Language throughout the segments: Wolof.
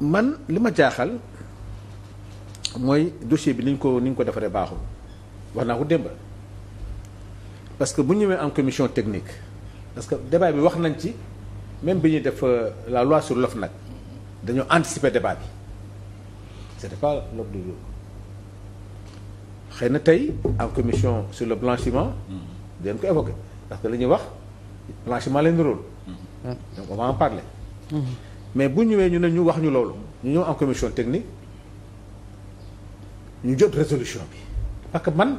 man li ma jaaxal mooy dossier bi niñ ko niñ ko defaree baaxul wax naa ko démb parce que bu ñëwee en commission technique parce que débat bi wax nañ ci même bi ñuy def euh, la loi sur nag dañoo anticiper débat bi c'était de l'ordre du jour na tey en commission sur le blanchiment mm-hmm. dañ ko évoqué parce que li ñuy wax blanchiment leen rôle mm-hmm. donc on va mais bu ñëwee ñu ne ñu wax ñu loolu ñu ñëw en commission technique ñu jot résolution bi parce que man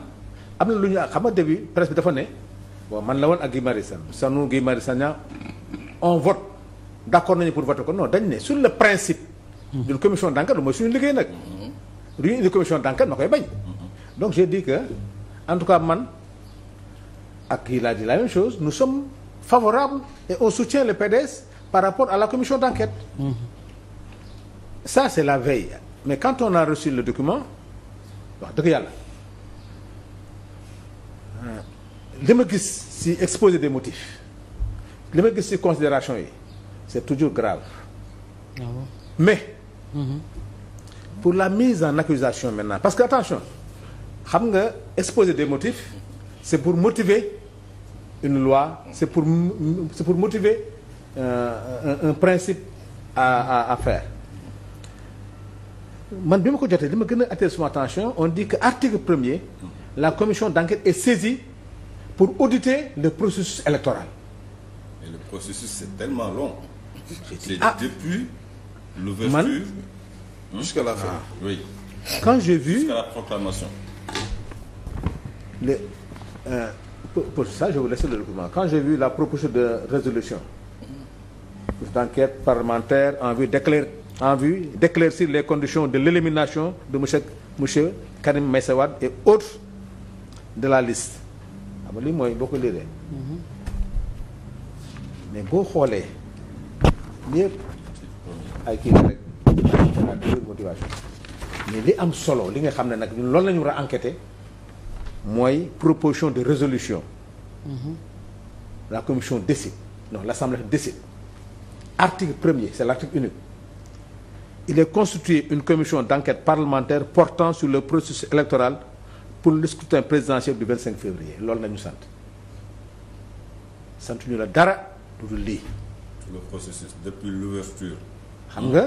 am na lu ñu xam nga début presse bi dafa ne waaw man la woon ak Guy Marius Sagna sanu Guy Marius Sagna on vote d' accord nañu pour voter ko non dañ ne sur le principe d'une commission d' enquête mooy suñu liggéey nag du ñu indi commission d' enquête ma koy bañ donc j'ai di que en tout cas man ak kii laa di la même chose nu sommes favorable et on soutient le PDS par rapport à la commission d'enquête mmh. ça c'est la veille mais quand on a reçu le document wax dëgg yàlla euh, li ma gis ci exposé des motifs li ma gis si considération yi c'est toujours grave ah bon? mais mm-hmm. pour la mise en accusation maintenant parce que attention xam nga exposé des motifs c'est pour motiver une loi c'est pour c'est pour motiver Euh, un principe à à à faire man bi ma ko jotee li ma gën a attiré sama attention on dit que article premier la commission d'enquête est saisie pour auditer le processus électoral. mais le processus c'est tellement long. c'est ah. depuis l'ouverture man jusqu'à la fin ah. quand j'ai vu jusqu'à le euh, pour, pour ça je vous laisse le document quand j'ai vu la proposition de résolution. d'enquête parlementaire en vue d'éclair en vue d'éclaircir les conditions de l'élimination de monsieur monsieur Karim Meïssa Wade et autres de la liste xam nga lii mooy boo ko liiree mais boo xoolee lépp ay kii rek motivation li am solo li nga xam ne nag ñun loolu la war a enquêter mooy proposition de résolution mm-hmm. la commission décide non l'assemblée décide article premier c'est l'article unique il est constitué une commission d'enquête parlementaire portant sur le processus électoral pour le scrutin présidentiel du 25 février loolu nañu sant sant ñu la dara lu dul lii le processus xam nga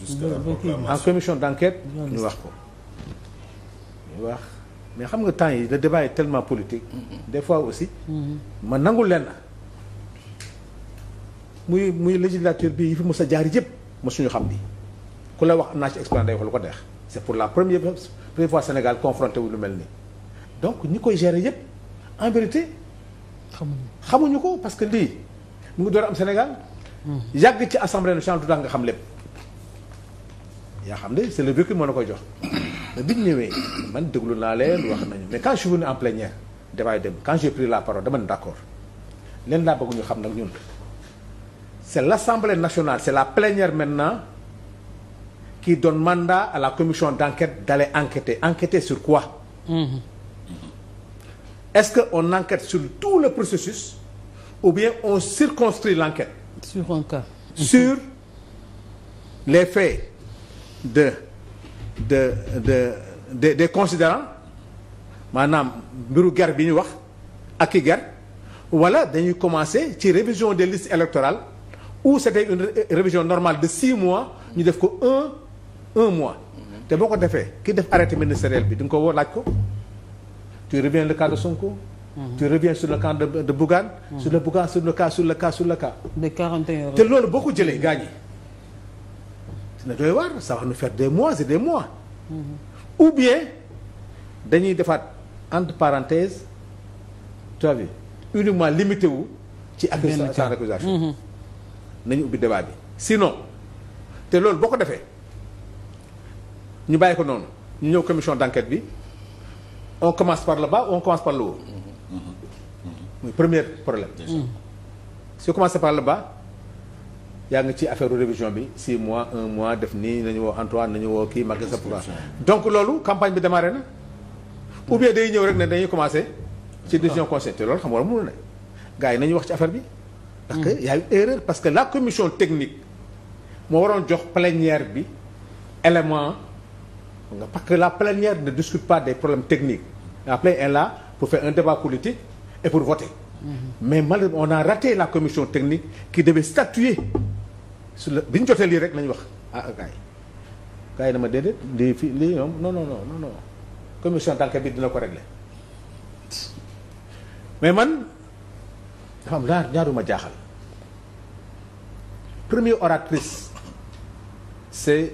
jusqu'à la proclamation en commission d'enquête ñu wax ko ñu wax mais xam nga temps yi le débat est tellement politique mm-hmm. des fois aussi mm-hmm. ma nangu leen muy muy législature bi yi fi mos a jaar yëpp mosuñu xam bi ku la wax am naa ci expérience day wax lu ko neex c'est pour la première première fois Sénégal confronté wu lu mel nii donc ñi koy gérer yëpp en vérité. xamuñu ko parce que lii mu ngi door am Sénégal. Hmm. yàgg ci assemblée nationale du tax nga xam lépp. yaa xam ne c'est le vécu moo na koy jox mais bi ñu ñëwee man déglu naa leen wax nañu mais quand je suis venu en plénière dafay dem quand j'ai pris la parole ñu xam nag ñun. c'est l'Assemblée nationale c'est la plénière maintenant qui donne mandat à la commission d'enquête d'aller enquêter enquêter sur quoi mmh. est-ce que on enquête sur tout le processus ou bien on circonscrit l'enquête sur un cas mmh. sur les faits de de de des de considérants maanaam mbiru gar bi ñu wax ak i ger wala dañuy commencer ci révision des listes électorales ou c'était une révision normale de six mois ñu def ko un un mois te boo ko defee ki def arrêté ministériel bi di nga ko woo laaj ko tu reviens le cas de Sonko mhm. tu reviens sur le cas de de Bougane mhm. sur le Bougane sur le cas sur le cas te loolu boo ko jëlee gaañi dina doy waar ça va nous des mois et des mois mhm. ou bien dañuy defaat entre parenthèses tu as vu uniquement limité ci administration accusation nañu ubbi débat bi sinon te loolu boo ko defee ñu bàyyi ko noonu ñu ñëw commission d'enquête bi on commence par le bas on commence par le haut problème si on commence par le bas yaa ngi ci affaire révision bi six mois un mois def nii nañu woo Antoine nañu woo kii Maguette Sapura donc loolu campagne bi démarré na ou day ñëw rek ne dañuy commencé ci décision conseil te loolu xam nga war a mënul ne gars yi nañu wax ci affaire bi parce que y a que la commission technique moo waroon jox plénière bi élément parce que la plénière ne discute pas des problèmes techniques la plénière est là pour faire un débat politique et pour voter mm-hmm. mais malheureusement on a raté la commission technique qui devait statuer sur le bi ñu jotee lii rek la ñu wax ah, ah gars yi gars yi dama déedéet lii fii lii ñoom non non non commission d'enquête bi dina ko régler mais man xam am ñaar ma jaaxal premier oratrice c'est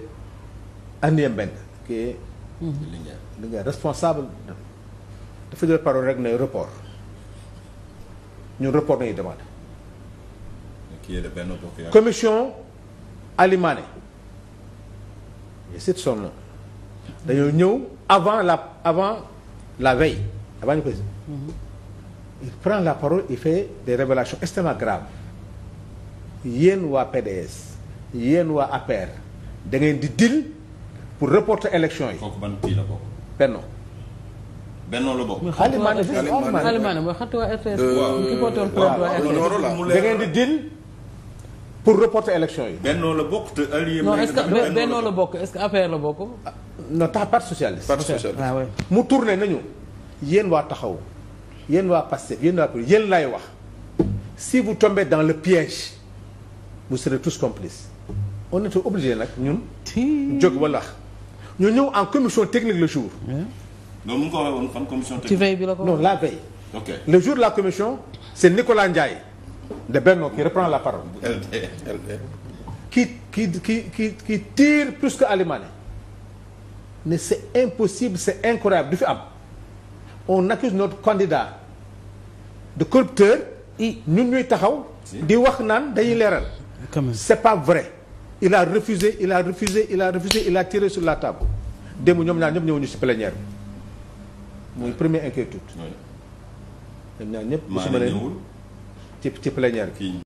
Annie Mbengue qui est mm-hmm. Linguère responsable dafa jël parole rek na report ñun report nañu demandé commission Alimane je cite son nom dañoo ñëw avant la avant la veille avant ñu koy il prend la parole il fait des révélations extrêmement graves yéen waa PDS yéen waa APR da di dil pour reporter élection yi. kooku ban kii la bokk. Benno. Benno la bokk. Alimane di dil pour reporter élection yi. Benno la bokk te allié. non est-ce que Benno la bokk est-ce la bokk. Ah, non tax parti socialiste. parti ah, mu tourné nañu yéen waa taxaw. yéen waa Pastef yéen waa police yéen laay wax si vous tombez dans le piège vous serez tous complices on était obligé nag ñun. jóg wala ñu ñëw en commission technique le jour. loolu mu ko la ko non la veille. le jour de la commission c' Nicolas Ndiaye. de Benno qui reprend la parole. qui qui qui qui qui tire plus que Alimane. mais c' est impossible c' est incroyable du fi am. on nag accuse notre candidat de corrupteur ñun ñuy taxaw di wax naan dañuy leeral c'est pas vrai il a refusé il a refusé il a refusé il a tiré sur la table démb ñoom ñaar ñëpp ñëwuñu ci plénière bi muy première inquiétude ñoom ñaar ñëpp ci ci plénière bi